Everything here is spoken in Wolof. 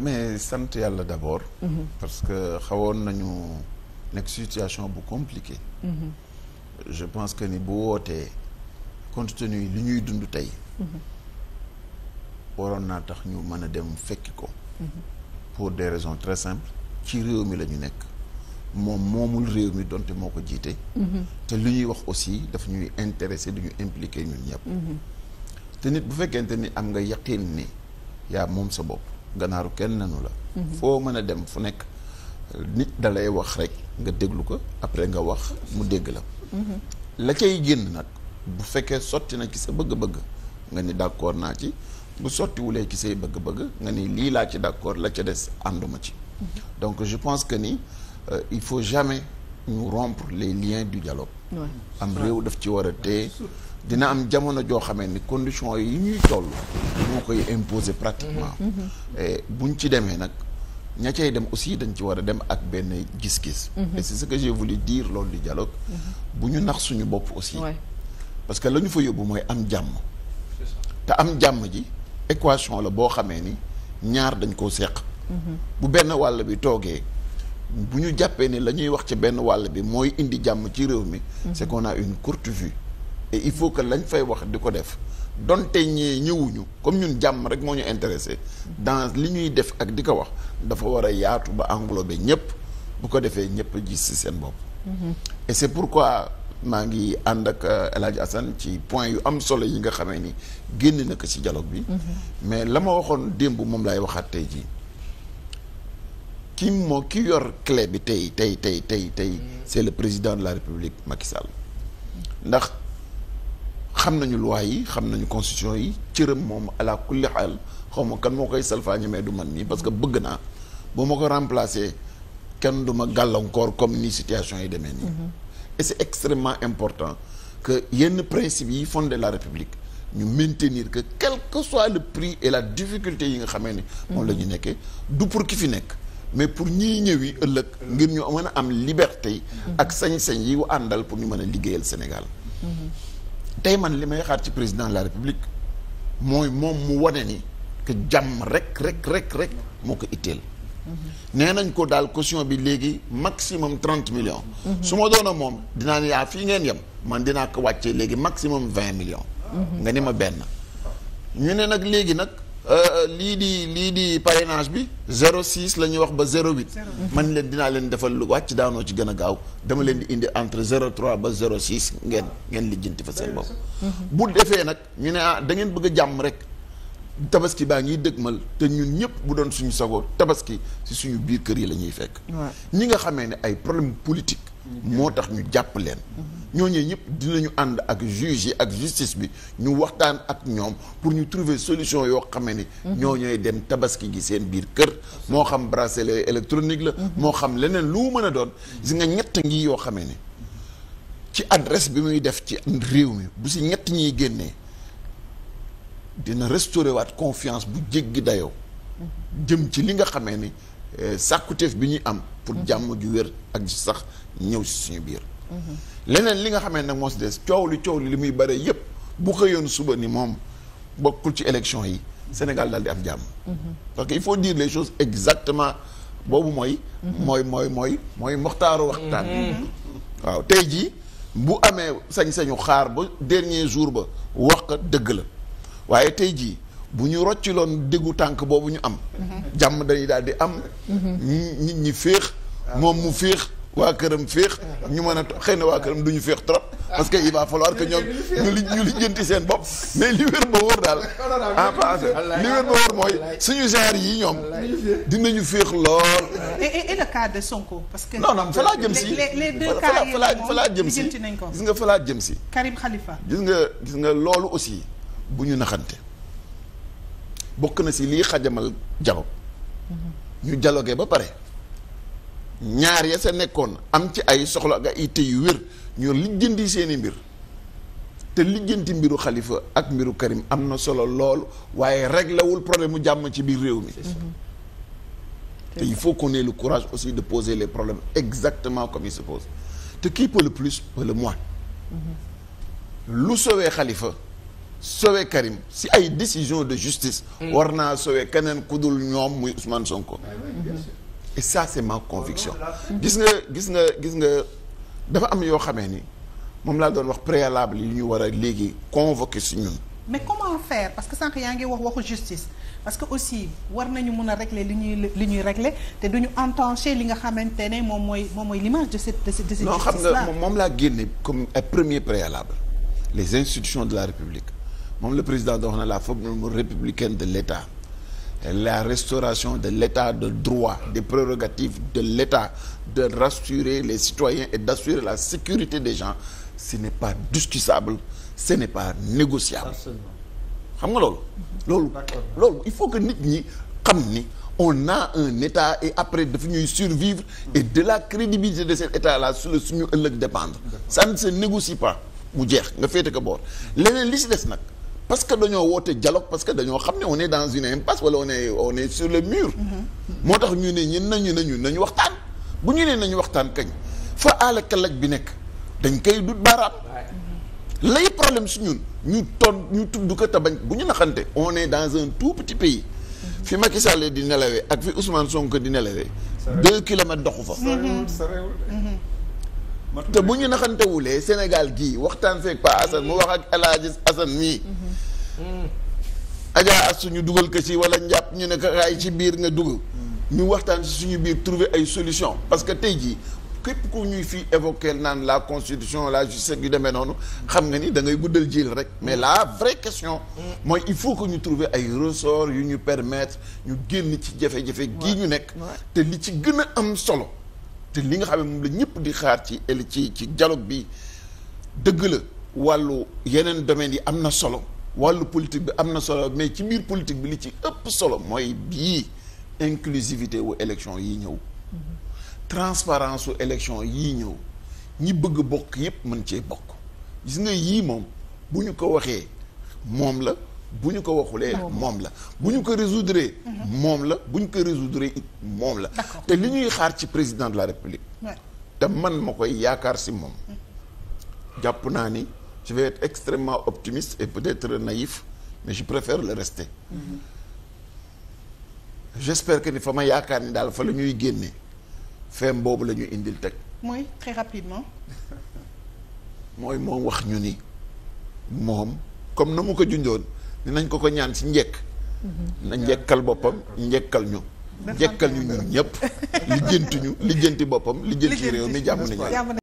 mais sant yàlla d'abord. Mm-hmm. parce que xawoon nañu nekk situation bu compliquée. Mm-hmm. je pense que ni bu wootee compte tenu li ñuy dund tey. Mm-hmm. waroon naa tax ñu mën a dem fekki ko. pour des raisons très simples ci réew mi la nekk moom moomul réew mi donte moo ko jiite. te li ñuy wax aussi daf ñuy intéressé du ñu impliqué ñun ñëpp. te nit bu fekkente ni am nga yaqin ni yaa moom sa bopp. ganaaru kenn nanu la foo mën a dem fu nekk nit dalay wax rek nga déglu ko après nga wax mu dégg la la cay génn nag bu fekkee sotti na ci sa bëgg-bëgg nga ni d'accord naa ci bu sottiwulee ci say bëgg-bëgg nga ni lii laa ci d'accord la ca des ànduma ci donc je pense que ni euh, il faut jamais ñu rompre les liens du dialogue am réew daf ci war a téye dina am jamono joo xamee ni condition yi ñuy toll moo koy imposer pratiquement mhm. Mhm. buñ ci demee nag ña cay dem aussi dañ ci war a dem ak benn gis-gis mhm. et loolu di dialogue bu ñu nax suñu bopp aussi parce que la ñu fa yóbbu mooy am jàmm te am jàmm ji équation la boo xamee ni ñaar dañ koo seq bu benn wàll bi toogee bu ñu jàppee ni la ñuy wax ci benn wàll bi mooy indi jàmm ci réew mi c'est qu'on a une courte vue et il faut que lañ fay wax di ko def donte ñee ñëwuñu comme ñun jàmm rek moo ñu intéressé dans li ñuy def ak di ko wax dafa war a yaatu ba englobé ñëpp bu ko defee ñëpp ji si seen bopp. Mm-hmm. et c'est pourquoi maa ngi ànd ak euh, El Hadj ci point yu am solo yi nga xamee ni génn na ko ci dialogue bi. Mm-hmm. mais la ma waxoon démb moom laay waxaat tey jii. ki moo ki yor clé bi tey tey tey tey tey mm-hmm. c'est le président de la République Macky Sall ndax. xam nañu loi yi xam nañu constitution yi cëram moom ala kulli xaal xaw ma kan moo koy salfaañe mais du man nii parce que bëgg naa bu ma ko remplacer kenn du ma gàllankoor comme ni situation yi demee nii. Mhm. et c'est extrêmement important que yenn principe yi de la république ñu maintenir que quel que soit le prix et la difficulté yi nga xamee ni. moom la ñu mhm. nekkee du pour ki fi nekk. mais pour ñiy ñëwi ëllëg ngir ñu mën a am liberté. Mhm. ak sañ-sañ yi àndal pour ñu mën a liggéeyal Sénégal. tey man li may xaar ci président de la république mooy moom mu wane ni que jàmm rek rek rek rek moo ko itteel. nee nañ ko daal caution bi léegi maximum trente millions. su ma doona moom dinaa ne yaa fii ngeen yem man dinaa ko wàccee léegi maximum vingt millions. nga ni ma benn. ñu ne nag léegi nag. Euh, lii di lii di parrainage bi 06 la ñuy wax ba 08. man leen dinaa leen defal lu wàcc daanoo ci gën a gaaw dama leen di indi entre 03 ba 06 ngeen ngeen lijjanti fa seen bopp. Mhm. bu defee nag ñu ne ah da ngeen bëgg a jàmm rek tabaski baa ngi dëgmal te ñun ñëpp bu doon suñu sagoo tabaski si suñu biir kër yi la ñuy fekk. ñi nga xamee ne ay problème politique. moo tax ñu jàpp leen ñoo ñooñu ñëpp dinañu ànd ak juge yi ak justice bi ñu waxtaan ak ñoom pour ñu trouver solution yoo xamee ni mhm. ñoo ñooy dem tabaski gi seen biir kër moo xam bracelet électronique la mhm. moo xam leneen lu mën a doon gis nga ñett ngi yoo xamee ni ci adresse bi muy def ci réew mi bu si ñett ñiy génnee dina restaurer waat confiance bu jéggi dayoo mhm. jëm ci li nga xamee ni Euh, sàkkuteef bi ñuy am. pour mhm. jàmm ju wér ak ji sax ñëw si suñu biir. Mhm. leneen li nga xamee nag moo si des coow lu coow li li muy bare yépp bu xëyoon suba ni moom bokkul ci élection yi Sénégal daal di am jàmm. Mhm. parce que il faut dire les choses exactement boobu mooy. mooy mooy mooy mooy moxtaaru waxtaan. waaw tey jii bu amee sañ-sañu xaar ba dernier jour ba wax dëgg la waaye tey jii. bu ñu rocciloon déggu tànk boobu ñu am. jàmm dañuy daal di am. nit ñi féex. moom mu féex waa këram féex. ñu mën a xëy na waa këram du ñu féex trop. parce que il va falloir que ñoom ñu li ñu lijjanti seen bopp mais li wér ba wóor daal en ah, passé li wér ba wóor mooy suñu genre yi ñoom dinañu féex lool. et et le cas de Sonko. parce que non non fa laa jëm si les deux cas yi fa laa jëm si gis nga fa jëm si. gis nga gis nga loolu aussi bu ñu naxante. bokk na si lii xajamal dialogue ñu dialogué ba pare ñaar ya sa nekkoon am ci ay soxla ak ay itte yu wér ñu lijjanti seeni mbir te lijjanti mbiru xalifa ak mbiru Karim am na solo lool waaye réglewul problème mu jàmm ci biir réew mi te il faut qu'on ait le courage aussi de poser les problèmes exactement comme il se te qui peut le plus peut le moins mm-hmm. lu sowee xalifa sauver Karim si ay décision de justice hmm. war naa sauver keneen ku dul ñoom muy son Sonko ah, et ça c'est ma conviction gis nga gis nga gis nga dafa am yoo xamee ni moom laa doon wax préalable yi ñu war a léegi convoquer si ñun mais comment faire parce que sànq yaa ngi wax waxu justice parce que aussi war nañu mun a régler li ñuy li ñuy régler te duñu entancher li nga xamante ne moom mooy moom mooy l'image de cette de cette justice non moom laa génne comme un premier préalable les institutions de la République moom le président da wax na la forme républicaine de l'État la restauration de l'état de droit des prérogatives de l'état de rassurer les citoyens et d'assurer la sécurité des gens ce n'est pas discutable ce n'est pas négociable xam nga loolu loolu loolu il faut que nit ñi xam ni on a un état et après dafa ñuy survivre et de la crédibilité de cet état la sur le suñu ëllëg dépendre ça ne se négocie pas mu jeex nga féete ko boor leneen li si des nag parce que dañoo woote dialogue parce que dañoo xam ne on est dans une impasse wala on sur le mur. Mm-hmm. moo tax ñu ne ñun nañu nañu nañu waxtaan bu ñu nee nañu waxtaan kañ fa àll kalaj bi nekk dañ koy dut baaraam. lay problème su ñun ñu ton ñu tudd ko te bañ bu ñu naxante on est dans un tout petit pays. Mm-hmm. fi Macky Sall di nelawee ak fi Ousmane Sonko di nelawee. deux kilomètres doxu fa. Mm-hmm. te bu ñu naxantewulee Sénégal gii waxtaan seeg Pa Assane mu wax ak El Hadj Assane mii. Adja as suñu dugal ko ci wala njàpp ñu ne ko raay ci biir nga dugg. ñu waxtaan ci suñu biir trouver ay solution parce que tey jii képp ku ñuy fii évoquer naan la constitution la justice yu demee noonu. xam nga ni da ngay guddal jiil rek. mais la vraie question. mooy il faut que ñu trouver ay ressort yu ñu permettre ñu génn ci jafe-jafe. gii ñu nekk te li ci gën a am solo. te li nga xam ne moom la ñëpp di xaar ci ci ci dialogue bi dëgg la wàllu yeneen domaines yi am na solo wàllu politique bi am na solo mais ci biir politique bi li ci ëpp solo mooy bii inclusivité wu élection yi ñëw transparence u élection yii ñëw ñi bëgg bokk yépp mën cee bokk gis nga yii moom bu ñu ko waxee moom la bu ñu ko waxulee moom la bu ñu ko résoudre mhm. moom la bu ñu ko résoudre it moom la te li ñuy xaar ci président de la république te man ma koy yaakaar si moom mhm. jàpp naa ni je vais être extrêmement et peut-être naïf mais je préfère le rester mhm. j'espère que ni fa ma yaakaar ni daal fa la ñuy génne feem boobu lañu indil teg mooy très mooy moom wax ñu ni moom comme na mu ko junjoon dinañ ko ko ñaan si njekk mhm. na njekkal boppam njekkal ñu njekkal ñu ñun ñëpp lijjanti ñu lijjanti boppam lijjanti réew mi jàmm nañu